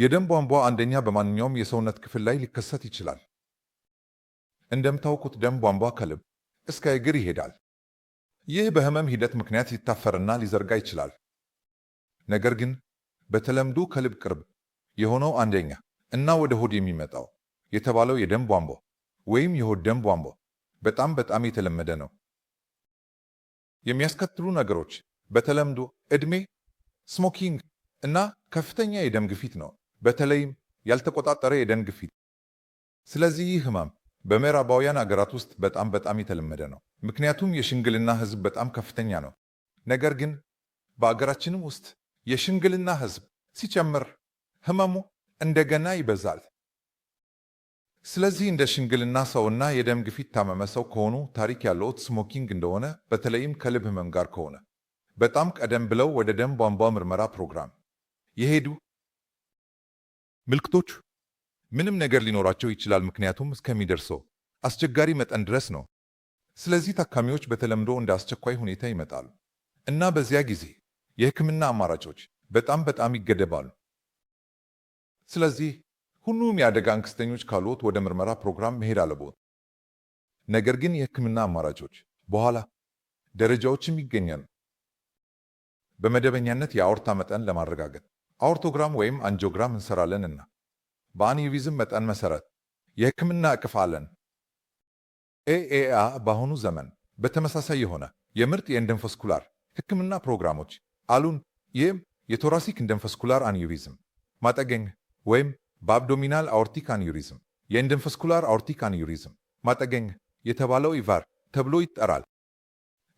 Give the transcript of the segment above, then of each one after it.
የደም ቧንቧ አንደኛ በማንኛውም የሰውነት ክፍል ላይ ሊከሰት ይችላል። እንደምታውቁት ደም ቧንቧ ከልብ እስከ እግር ይሄዳል። ይህ በህመም ሂደት ምክንያት ሊታፈርና ሊዘርጋ ይችላል። ነገር ግን በተለምዶ ከልብ ቅርብ የሆነው አንደኛ እና ወደ ሆድ የሚመጣው የተባለው የደም ቧንቧ ወይም የሆድ ደም ቧንቧ በጣም በጣም የተለመደ ነው። የሚያስከትሉ ነገሮች በተለምዶ እድሜ ስሞኪንግ እና ከፍተኛ የደም ግፊት ነው። በተለይም ያልተቆጣጠረ የደም ግፊት። ስለዚህ ይህ ህመም በምዕራባውያን አገራት ውስጥ በጣም በጣም የተለመደ ነው፣ ምክንያቱም የሽንግልና ህዝብ በጣም ከፍተኛ ነው። ነገር ግን በአገራችንም ውስጥ የሽንግልና ህዝብ ሲጨምር ህመሙ እንደገና ይበዛል። ስለዚህ እንደ ሽንግልና ሰውና የደም ግፊት ታመመ ሰው ከሆኑ ታሪክ ያለዎት ስሞኪንግ እንደሆነ በተለይም ከልብ ህመም ጋር ከሆነ በጣም ቀደም ብለው ወደ ደም ቧንቧ ምርመራ ፕሮግራም የሄዱ ምልክቶቹ ምንም ነገር ሊኖራቸው ይችላል፣ ምክንያቱም እስከሚደርሰው አስቸጋሪ መጠን ድረስ ነው። ስለዚህ ታካሚዎች በተለምዶ እንደ አስቸኳይ ሁኔታ ይመጣሉ እና በዚያ ጊዜ የህክምና አማራጮች በጣም በጣም ይገደባሉ። ስለዚህ ሁሉም የአደጋ አንክስተኞች ካልዎት ወደ ምርመራ ፕሮግራም መሄድ አለቦት። ነገር ግን የህክምና አማራጮች በኋላ ደረጃዎችም ይገኛሉ። በመደበኛነት የአውርታ መጠን ለማረጋገጥ አውርቶግራም ወይም አንጂኦግራም እንሰራለንና በአኒቪዝም መጠን መሰረት የህክምና እቅፍ አለን። ኤኤአ በአሁኑ ዘመን በተመሳሳይ የሆነ የምርጥ የእንደንፈስኩላር ህክምና ፕሮግራሞች አሉን። ይህም የቶራሲክ ኢንዶቫስኩላር አኒዩሪዝም ማጠገኝ ወይም በአብዶሚናል አውርቲክ አኒዩሪዝም የኢንዶቫስኩላር አውርቲክ አኒዩሪዝም ማጠገኝ የተባለው ኢቫር ተብሎ ይጠራል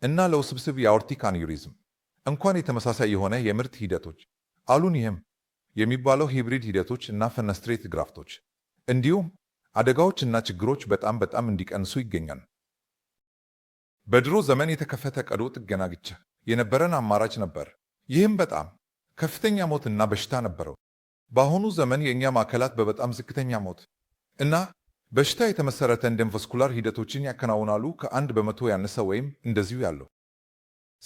እና ለውስብስብ የአውርቲክ አኒዩሪዝም እንኳን የተመሳሳይ የሆነ የምርት ሂደቶች ይህም የሚባለው ሂብሪድ ሂደቶች እና ፈነስትሬት ግራፍቶች እንዲሁም አደጋዎች እና ችግሮች በጣም በጣም እንዲቀንሱ ይገኛል። በድሮ ዘመን የተከፈተ ቀዶ ጥገና ግቻ የነበረን አማራጭ ነበር። ይህም በጣም ከፍተኛ ሞት እና በሽታ ነበረው። በአሁኑ ዘመን የእኛ ማዕከላት በበጣም ዝቅተኛ ሞት እና በሽታ የተመሰረተ እንደንቨስኩላር ሂደቶችን ያከናውናሉ ከአንድ በመቶ ያነሰ ወይም እንደዚሁ ያለው።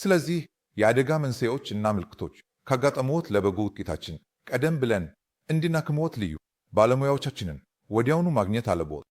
ስለዚህ የአደጋ መንስኤዎች እና ምልክቶች ካጋጠመዎት ለበጎ ውጤታችን ቀደም ብለን እንድናክምዎት ልዩ ባለሙያዎቻችንን ወዲያውኑ ማግኘት አለብዎት።